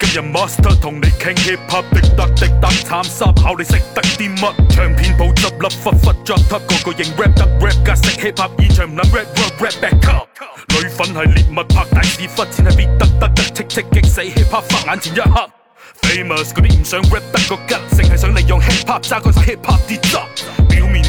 今日 master 同你傾 hiphop，跌突滴突，慘濕考你識得啲乜？唱片鋪執笠，忽忽 drops，個個型 rap 得 rap，但識 hiphop 現場唔諗 rap rap rap back up。女粉係獵物，拍底屎忽錢係必得得得，戚戚激死 hiphop，發眼前一刻。Famous 嗰啲唔想 rap 得個吉，淨係想利用 hiphop 揸佢 hiphop 啲 job